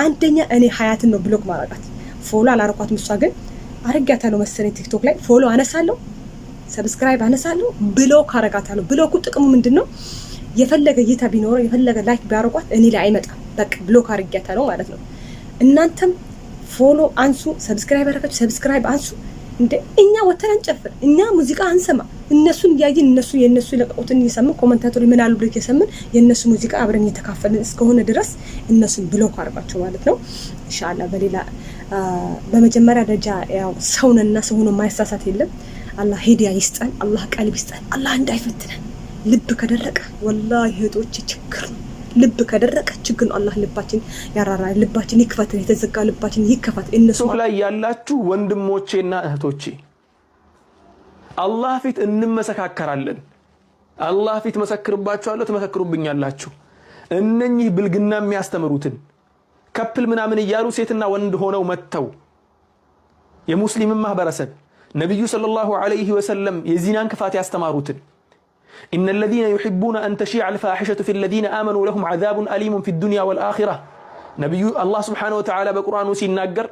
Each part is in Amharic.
አንደኛ እኔ ሀያትን ነው ብሎክ ማረጋት። ፎሎ አላረኳት። ምሷ ግን አርጊያታለሁ መሰለኝ ቲክቶክ ላይ ፎሎ አነሳለሁ፣ ሰብስክራይብ አነሳለሁ፣ ብሎክ አረጋታለሁ። ብሎኩ ጥቅሙ ምንድን ነው? የፈለገ እይታ ቢኖረው የፈለገ ላይክ ቢያረጓት እኔ ላይ አይመጣም። በቃ ብሎክ አርጊያታለሁ ማለት ነው። እናንተም ፎሎ አንሱ፣ ሰብስክራይብ አረጋችሁ፣ ሰብስክራይብ አንሱ። እንደ እኛ ወተን አንጨፍር፣ እኛ ሙዚቃ አንሰማ እነሱን እያየን እነሱ የእነሱ ለቀቁትን እየሰምን ኮመንታቶሪ ምን አሉ ብሎ እየሰምን የእነሱ ሙዚቃ አብረን እየተካፈልን እስከሆነ ድረስ እነሱን ብሎክ አርጓቸው ማለት ነው። እንሻላ በሌላ በመጀመሪያ ደረጃ ያው ሰውንና ሰው ሆኖ ማይሳሳት የለም። አላህ ሂዳያ ይስጠን። አላህ ቀልብ ይስጠን። አላህ እንዳይፈትነን። ልብ ከደረቀ ወላሂ እህቶች ችግር ነው። ልብ ከደረቀ ችግር ነው። አላህ ልባችን ያራራ፣ ልባችን ይክፈት፣ የተዘጋ ልባችን ይከፈት። እነሱ ላይ ያላችሁ ወንድሞቼና እህቶቼ አላህ ፊት እንመሰካከራለን። አላህ ፊት መሰክርባችኋለሁ፣ ትመሰክሩብኛላችሁ። እነኚህ ብልግና የሚያስተምሩትን ከፕል ምናምን እያሉ ሴትና ወንድ ሆነው መጥተው የሙስሊምን ማህበረሰብ ነቢዩ ሰለላሁ ዐለይሂ ወሰለም የዚናን ክፋት ያስተማሩትን ኢነ ለዚነ ዩሒቡነ አን ተሺዕ አልፋሒሸቱ ፊ ለዚነ አመኑ ለሁም ዐዛቡን አሊሙን ፊ ዱንያ ወልአኺራ ነቢዩ አላህ ስብሓነሁ ወተዓላ በቁርአኑ ሲናገር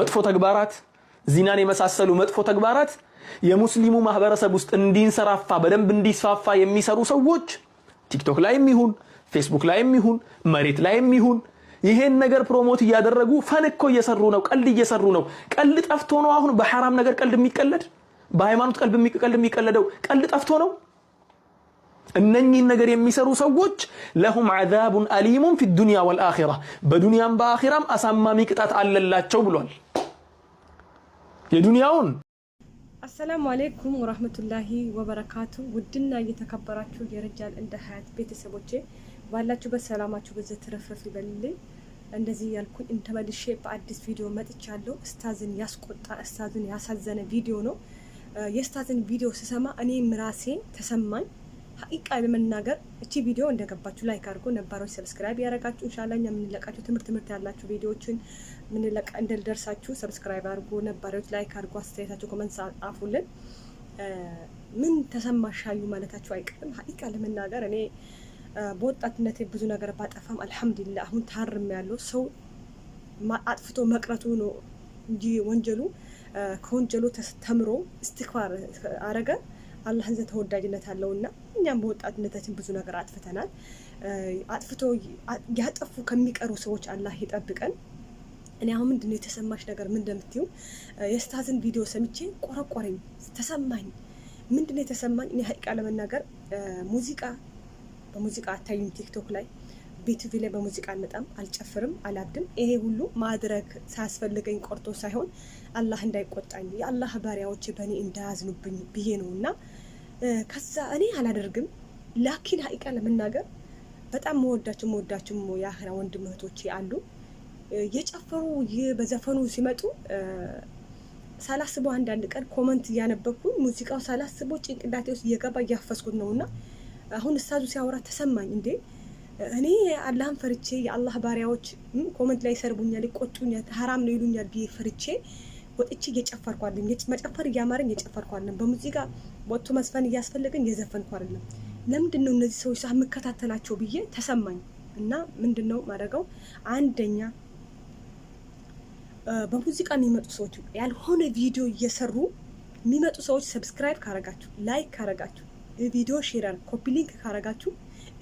መጥፎ ተግባራት ዚናን የመሳሰሉ መጥፎ ተግባራት የሙስሊሙ ማህበረሰብ ውስጥ እንዲንሰራፋ በደንብ እንዲስፋፋ የሚሰሩ ሰዎች ቲክቶክ ላይም ይሁን ፌስቡክ ላይም ይሁን መሬት ላይም ይሁን ይሄን ነገር ፕሮሞት እያደረጉ ፈን እኮ እየሰሩ ነው። ቀልድ እየሰሩ ነው። ቀልድ ጠፍቶ ነው አሁን በሐራም ነገር ቀልድ የሚቀለድ በሃይማኖት ቀልድ የሚቀለደው ቀልድ ጠፍቶ ነው። እነኚህን ነገር የሚሰሩ ሰዎች ለሁም ዓዛቡን አሊሙን ፊ ዱንያ ወልአኺራ በዱንያም በአኺራም አሳማሚ ቅጣት አለላቸው ብሏል የዱንያውን አሰላሙ አሌይኩም ወራህመቱላሂ ወበረካቱ። ውድና እየተከበራችሁ የረጃል እንደ ሀያት ቤተሰቦቼ ባላችሁ በሰላማችሁ በዚህ ትረፍረፍ ይበልልኝ። እንደዚህ ያልኩኝ እንተመልሼ በአዲስ ቪዲዮ መጥቻለሁ። እስታዝን ያስቆጣ እስታዝን ያሳዘነ ቪዲዮ ነው። የእስታዝን ቪዲዮ ስሰማ እኔም ራሴን ተሰማኝ። ሀቂቃ ለመናገር እቺ ቪዲዮ እንደገባችሁ ላይክ አድርጎ ነባሮች ሰብስክራይብ ያደረጋችሁ ኢንሻላ እኛ የምንለቃችሁ ትምህርት ትምህርት ያላችሁ ቪዲዮዎችን ምንለቃ እንደደርሳችሁ ሰብስክራይብ አድርጎ ነባሪዎች ላይክ አድርጎ አስተያየታቸው ኮመንት ጻፉልን። ምን ተሰማሻዩ ሀዩ ማለታችሁ አይቀርም። ሀቂቃ ለመናገር እኔ በወጣትነት ብዙ ነገር ባጠፋም አልሐምዱሊላ አሁን ታርም ያለው ሰው አጥፍቶ መቅረቱ ነው እንጂ ወንጀሉ ከወንጀሉ ተምሮ እስትክፋር አረገ አላህ ዘንድ ተወዳጅነት አለውና እኛም በወጣትነታችን ብዙ ነገር አጥፍተናል። አጥፍቶ ያጠፉ ከሚቀሩ ሰዎች አላህ ይጠብቀን። እኔ አሁን ምንድነው የተሰማሽ ነገር ምን እንደምትዩ የስታዝን ቪዲዮ ሰምቼ ቆረቆረኝ ተሰማኝ። ምንድነው የተሰማኝ? እኔ ሀቂቃ ለመናገር ሙዚቃ በሙዚቃ አታዩኝ ቲክቶክ ላይ ቤቲቪ ላይ በሙዚቃ አልመጣም፣ አልጨፍርም፣ አላብድም። ይሄ ሁሉ ማድረግ ሳያስፈልገኝ ቆርጦ ሳይሆን አላህ እንዳይቆጣኝ የአላህ ባሪያዎች በእኔ እንዳያዝኑብኝ ብዬ ነው እና ከዛ እኔ አላደርግም። ላኪን ሀቂቃ ለመናገር በጣም መወዳቸው መወዳቸው የአህራ ወንድም እህቶቼ አሉ የጨፈሩ በዘፈኑ ሲመጡ ሳላስበው አንዳንድ ቀን ኮመንት እያነበብኩኝ ሙዚቃው ሳላስበው ጭንቅላቴ ውስጥ እየገባ እያፈስኩት ነው እና አሁን እሳዙ ሲያወራ ተሰማኝ እንዴ እኔ አላህን ፈርቼ የአላህ ባሪያዎች ኮመንት ላይ ይሰርቡኛል፣ ይቆጩኛል፣ ሀራም ነው ይሉኛል ብዬ ፈርቼ ወጥቼ እየጨፈርኩ መጨፈር እያማረኝ እየጨፈርኩ በሙዚቃ ወጥቶ መስፈን እያስፈለገኝ እየዘፈንኩ አይደለም። ለምንድን ነው እነዚህ ሰዎች ሳምከታተላቸው ብዬ ተሰማኝ እና ምንድን ነው ማድረገው? አንደኛ በሙዚቃ የሚመጡ ሰዎች ያልሆነ ቪዲዮ እየሰሩ የሚመጡ ሰዎች ሰብስክራይብ ካረጋችሁ፣ ላይክ ካረጋችሁ፣ ቪዲዮ ሼራር ኮፒ ሊንክ ካረጋችሁ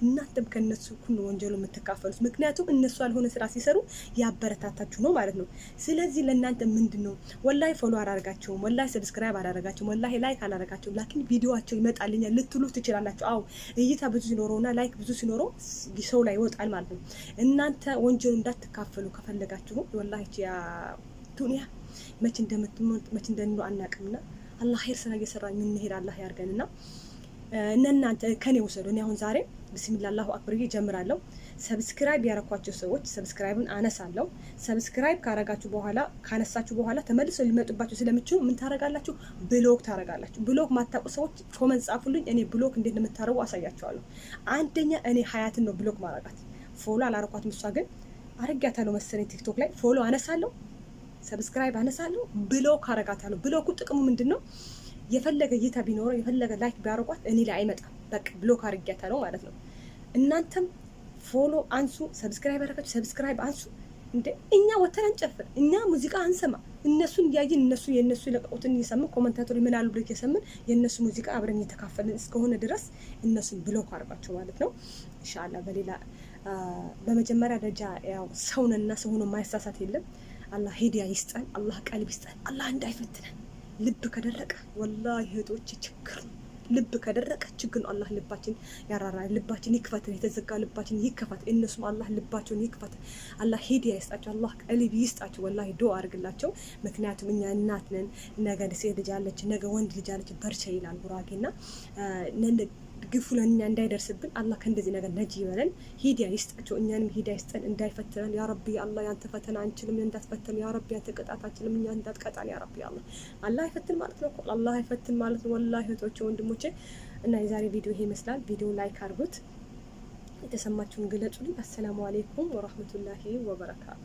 እናንተም ከነሱ እኩል ወንጀሉ የምትካፈሉት። ምክንያቱም እነሱ ያልሆነ ስራ ሲሰሩ ያበረታታችሁ ነው ማለት ነው። ስለዚህ ለእናንተ ምንድን ነው ወላይ ፎሎ አላረጋቸውም፣ ወላይ ሰብስክራይብ አላረጋቸውም፣ ወላይ ላይክ አላረጋቸውም፣ ላኪን ቪዲዮቸው ይመጣልኛል ልትሉ ትችላላችሁ። አዎ እይታ ብዙ ሲኖረውና ላይክ ብዙ ሲኖረው ሰው ላይ ይወጣል ማለት ነው። እናንተ ወንጀሉ እንዳትካፈሉ ከፈለጋችሁ ወላ ዱኒያ መች እንደምትሞት መች እንደምንሉ አናውቅምና አላህ ሄር ስራ እየሰራ የምንሄድ አላህ ያርገንና እናንተ ከኔ ውሰዱ። እኔ አሁን ዛሬ ብስሚላ አላሁ አክበር ጀምራለሁ። ሰብስክራይብ ያረኳቸው ሰዎች ሰብስክራይብን አነሳለሁ። ሰብስክራይብ ካረጋችሁ በኋላ ካነሳችሁ በኋላ ተመልሰው ሊመጡባችሁ ስለምችሉ ምን ታረጋላችሁ? ብሎክ ታረጋላችሁ። ብሎክ ማታውቁ ሰዎች ኮመንት ጻፉልኝ። እኔ ብሎክ እንዴት እንደምታረጉ አሳያችኋለሁ። አንደኛ እኔ ሀያትን ነው ብሎክ ማረጋት። ፎሎ አላረኳትም እሷ ግን አረጊያታለሁ መሰለኝ ቲክቶክ ላይ ፎሎ አነሳለሁ፣ ሰብስክራይብ አነሳለሁ፣ ብሎክ አረጋታለሁ። ብሎኩ ጥቅሙ ምንድን ነው? የፈለገ እይታ ቢኖረው የፈለገ ላይክ ቢያደርጓት እኔ ላይ አይመጣም። በቃ ብሎክ ነው ማለት ነው። እናንተም ፎሎ አንሱ፣ ሰብስክራይብ ያደረጋችሁ ሰብስክራይብ አንሱ። እንደ እኛ ወተን አንጨፍር፣ እኛ ሙዚቃ አንሰማ። እነሱን እያየን እነሱ የእነሱ የለቀቁትን እየሰምን ኮመንታቶሪ ምን አሉ ብሎ እየሰምን የእነሱ ሙዚቃ አብረን እየተካፈልን እስከሆነ ድረስ እነሱን ብሎክ አርጓቸው ማለት ነው። እንሻላ በሌላ በመጀመሪያ ደረጃ ያው ሰውንና ሰው ሆኖ ማይሳሳት የለም። አላህ ሂዳያ ይስጠን፣ አላህ ቀልብ ይስጠን፣ አላህ እንዳይፈትነን ልብ ከደረቀ ወላሂ እህቶች ችግር ልብ ከደረቀ ችግር ነው። አላህ ልባችን ያራራ፣ ልባችን ይክፈት። የተዘጋ ልባችን ይክፈት። እነሱም አላህ ልባቸውን ይክፈት። አላህ ሂዳያ ይስጣቸው። አላህ ቀልብ ይስጣቸው። ወላሂ ዶ አድርግላቸው። ምክንያቱም እኛ እናት ነን። ነገ ሴት ልጅ አለች፣ ነገ ወንድ ልጅ አለች። በርቸ ይላል ጉራጌና ግፉ ለእኛ እንዳይደርስብን አላህ ከእንደዚህ ነገር ነጂ ይበለን። ሂዳያ ይስጣቸው፣ እኛንም ሂዳያ ይስጠን። እንዳይፈትነን ያ ረቢ አላህ ያንተ ፈተና አንችልም እንዳትፈትን ያ ረቢ ያንተ ቅጣት አንችልም እኛ እንዳትቀጣን ያ ረቢ አላህ። አላህ አይፈትን ማለት ነው፣ አላህ አይፈትን ማለት ነው። ወላሂ እህቶቼ ወንድሞቼ፣ እና የዛሬ ቪዲዮ ይሄ ይመስላል። ቪዲዮ ላይክ አድርጉት፣ የተሰማችሁን ግለጹልኝ። አሰላሙ አሌይኩም ወራህመቱላሂ ወበረካቱ